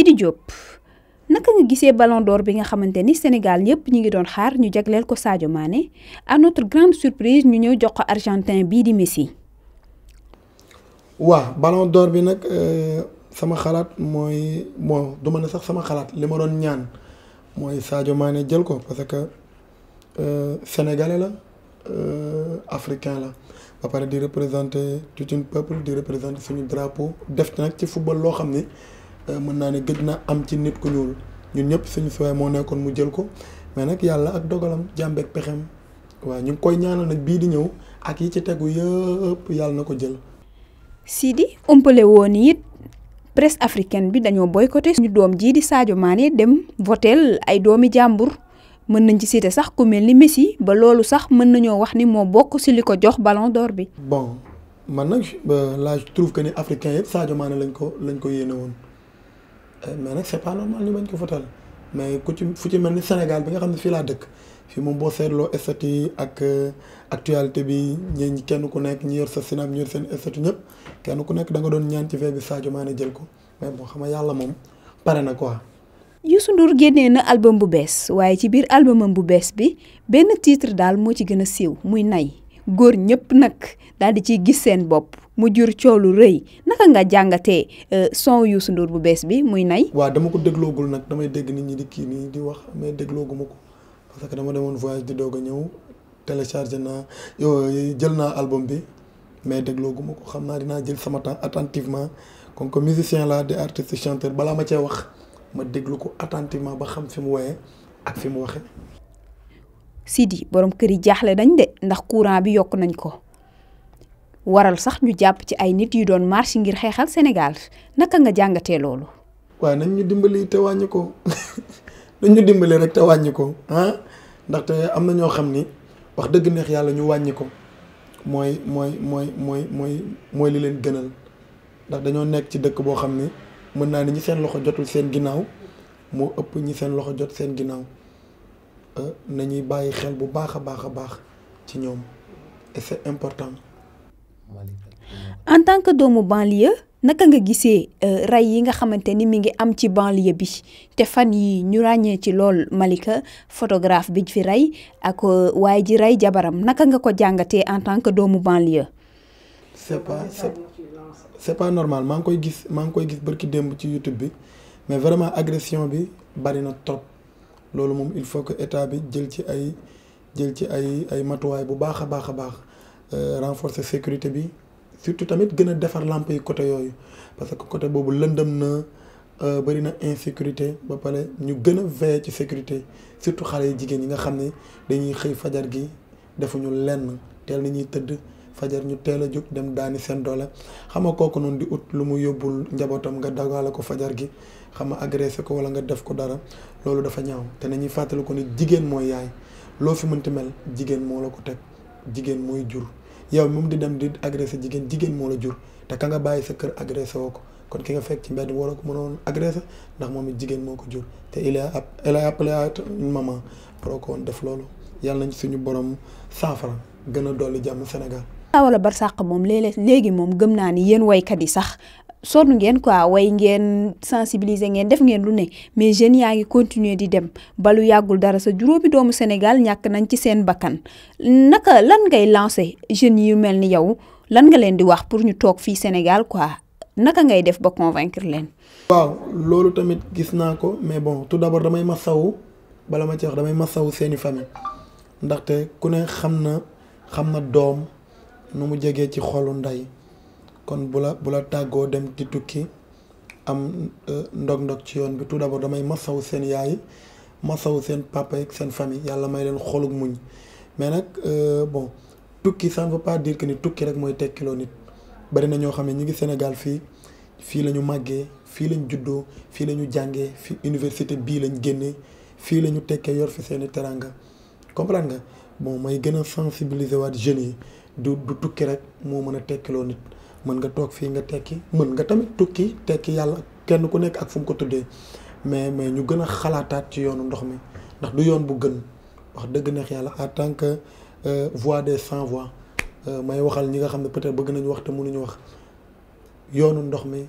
Sidi Diop naka nga gisee ballon d'or bi nga xamanteni Sénégal yépp ñi ngi doon xaar ñu jagleel ko Sadio Mané à notre grande surprise ñu ñëw jox ko argentin bi di Messi. Wa ballon d'or bi nag euh, sama xalaat moy mo du ma sax sama xalaat li ma doon ñaan moy Sadio Mané jël ko parce que euh, sénégalais la euh, africain la ba pare di représenter tout un peuple di représenter suñu drapeau def nak ci football lo xamné Euh, mën naa ne gëj na am ci nit ku ñuul ñun ñëpp suñu suwaay moo nekkoon mu jël ko mais nag yàlla ak dogalam jàmbeeg pexem waaw ñu ngi koy ñaanal nag bii di ñëw ak yi ci tegu yëpp yàlla na ko jël. Sidi umpale woon it presse africaine bi dañoo boycotté suñu doom jii di Sadio Mané dem votel ay doomi jàmbur mën nañ ci cité sax ku mel ni Messi ba loolu sax mën nañoo wax ni moo bokk si li ko jox ballon d'or bi. bon man nag euh, la je trouve que ni africain yëpp Sadio Mané lañ ko lañ ko yéene woon. Euh, mais nag c' pas normal ñu bañ ko fotal mais ku ci fu ci melni ni Sénégal bi nga xam fi la laa dëkk fii moom boo seetloo statut ak euh, actualité bi ñeñ kenn ku nekk ñi yor sa sinam ñi sen seen statut kenn ku nekk da nga doon ñaan ci fee bi Sadio Mané jël ko mais bon xama yalla mom paré na quoi. Youssou Ndour génnee na album bu bess waye ci biir albumam bu bess bi ben titre dal mo ci gëna a siiw muy nay gor ñëpp nak dal di ci gis sen bop mu jur coow lu rëy naka nga jàngatee euh, son Youssou Ndour bu bees bi muy nay. waa dama ko dégloogul nag damay dégg nit ñi di kii nii di wax mais déglooguma ko parce que dama demoon voyage di doog a ñëw téléchargé naa jël naa album bi mais déglooguma ko xam naa dinaa jël sama temps attentivement comme que musicien la di artiste chanteur balaa ma cee wax ma déglu ko attentivement ba xam fi mu woyee ak fi mu waxee. Sidi borom kër yi jaaxle nañ de ndax courant bi yokk nañ ko. waral sax ñu jàpp ci ay nit yu doon marche ngir xeexal Sénégal naka nga jàngatee loolu. waaye nañ ñu dimbali te wàññi ko nañ ñu dimbali rek te wàññi ah ndaxte am na ñoo xam ni wax dëgg neex yàlla ñu wàññi mooy mooy mooy mooy mooy mooy li leen gënal ndax dañoo nekk ci dëkk boo xam ni mën naa ni ñi seen loxo jotul seen ginnaaw moo ëpp ñi seen loxo jot seen ginnaaw euh, nañuy bàyyi xel bu baax a baax a baax ci ñoom et c'est important. en tant que doomu banlieue naka nga gisee euh, rey yi nga xamante ni mi ngi am ci banlieue bi te fan yi ñu ràññee ci lool Malika photographe bi fi rey ak euh, waaye ji rey jabaram naka nga ko jàngatee en tant que doomu banlieue. c'est pas normal maa ngi koy gis maa ngi koy gis barki démb ci YouTube bi mais vraiment agression bi bari na trop loolu moom il faut que état bi jël ci ay jël ci ay ay matuwaay bu baax a baax a baax. Euh, renforce sécurité bi surtout tamit gën a defar làmp yi côté yooyu parce que côté boobu lëndëm na euh, bëri na insécurité ba pare ñu gën a veiller ci sécurité surtout xale yi jigéen ñi nga xam ne dañuy xëy fajar gi defuñu lenn teel ni ñuy tëdd fajar ñu teel a jóg dem daani seen doole xam nga kooku noonu di ut lu mu yóbbul njabootam nga dagaale ko fajar gi xam nga agressé ko walla nga def ko dara loolu dafa ñaaw te nañuy fàttaliku ko ni jigéen mooy yaay loo fi mënti mel jigéen moo ko teg jigéen mooy jur yow moom di dem di agressé jigéen jigéen moo la jur te ka nga bàyyi sa kër agressé woo ko kon ki nga fekk ci mbedd waroo ko mënoon agressé ndax moom it jigéen moo ko jur te il a il a appelé à une maman waroo ko woon def loolu yàlla nañ suñu borom saafara gën a dolli jàmm Sénégal. ba barsàq moom léeg léegi moom gëm naa ni yéen waykat yi sax sonn ngeen quoi way ngeen sensibiliser ngeen def ngeen lu ne mais jeunes yaa continuer di dem balu ya dara sa juróomi doomu senegal ñàkk nañ ci seen bakkan naka lan ngay lancer jeunes yu mel ni yow lan nga leen di wax pour ñu toog fii Sénégal quoi naka ngay def ba convaincre leen. waaw loolu tamit gis naa ko mais bon tout d'abord damay masawu bala ma ci wax damay masawu seeni famille ndaxte ku ne xam na xam na doom nu mu jegee ci xolu kon bu la bu la tàggoo dem di tukki am e, ndog-ndog ci yoon bi tout d'abord damay masawu seen yaay masawu seen papa ak seen famille yàlla may leen xolug muñ mais nag e, bon tukki ça ne pas dire que ni tukki rek mooy tekkiloo nit bari na ñoo xam ne ñu ngi Sénégal fii fii la ñu màggee fii lañ juddoo fii la ñu jàngee fii université bii lañ génnee fii la ñu tekkee yor fi seeni teranga comprendre nga bon may gën a sensibiliser waat jeunes yi du du tukki rek moo mën a tekkiloo nit. mën nga tok fi nga tekki mën nga tamit tukki tekki yalla kenn ku nek ak fu ko tuddé mais mais ñu gëna xalaataat ci yoonu ndox mi ndax du yoon bu gën wax deug neex yalla en tant que euh, voix des sans voix euh, may waxal ñi nga xamné peut-être bëgg nañu wax mënu ñu wax yoonu ndox mi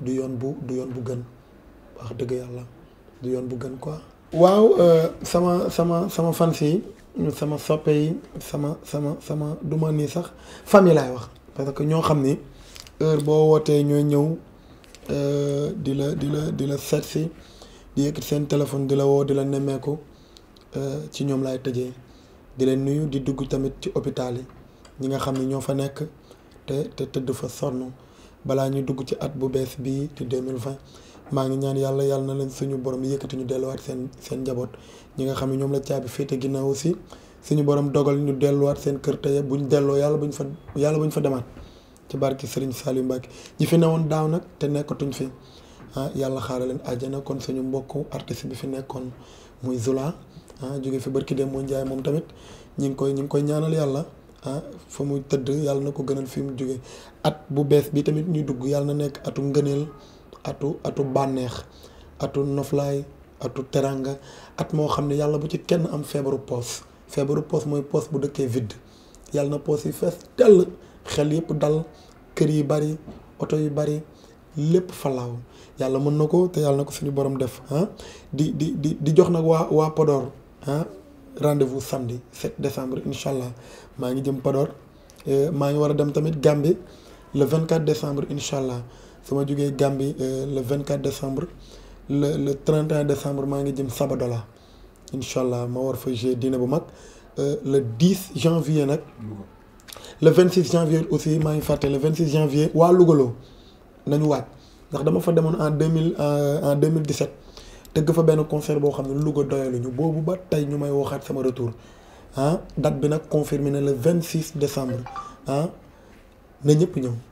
du yoon bu du yoon bu gën wax deug yalla du yoon bu gën quoi. waaw euh, sama sama sama fans yi sama soppe yi sama sama sama duma ni sax famille lay wax parce que ño xam ni heure bo wootee ñooy ñew euh, di la dila dila di la di yëkkati seen téléphone di la dila di la euh, ci ñom lay tejé di nuyu di dugg tamit ci hôpital yi ñi nga xamni ño fa nek te te tedd fa sonu bala ñu dugg ci at bu bees bi di 2020 ma ngi ñaan yalla yalla na leen suñu borom yëkkati ñu delluwaat seen seen njaboot ñi nga xamni ñom la ciabi fété ginaaw aussi suñu borom dogal ñu delluwaat seen kër te buñ delloo yalla buñ fa yalla buñ fa demaat ci barke Serigne salim Mbacke ñi fi tena daw nak te nekkatuñ fi ah yàlla xaaral leen kon suñu mbokk artiste bi fi nekkon muy Zula ah joge fi barki dem mo Ndiaye mom tamit ñi ngi koy ñi ngi koy ñaanal yalla ah fa muy teud yalla nako gënal fi mu joge at bu bes bi tamit ñu dugg yalla na nekk atu ngeenel atu atu banex atu noflay atu teranga at mo xamne yalla bu ci kenn am febru pos febru pos moy pos bu dëkkee vide yalla na poos yi xel yëpp dal kër yi bari oto yu bari lépp falaaw yàlla mën na ko te yàlla na ko suñu borom def ah di di di di jox nag waa waa Podor ah rendez-vous samedi 7 décembre incha allah maa ngi jëm Podor eh, maa ngi war a dem tamit Gambie le 24 décembre incha allah su ma jugee Gambie eh, le 24 décembre le le 31 décembre maa ngi jëm Sabadola incha allah ma war fa jouer dîner bu mag eh, le 10 janvier nag le 26 janvier aussi ma ngi le 26 janvier wa lugolo, nañu waaj ndax dama fa demone en 2000 en 2017 deug fa ben concert bo xam ne Louga doyaluñu boobu ba tay ñu may waxat sama retour ah date bi nak confirmé le 26 décembre ah na ñëpp ñëw.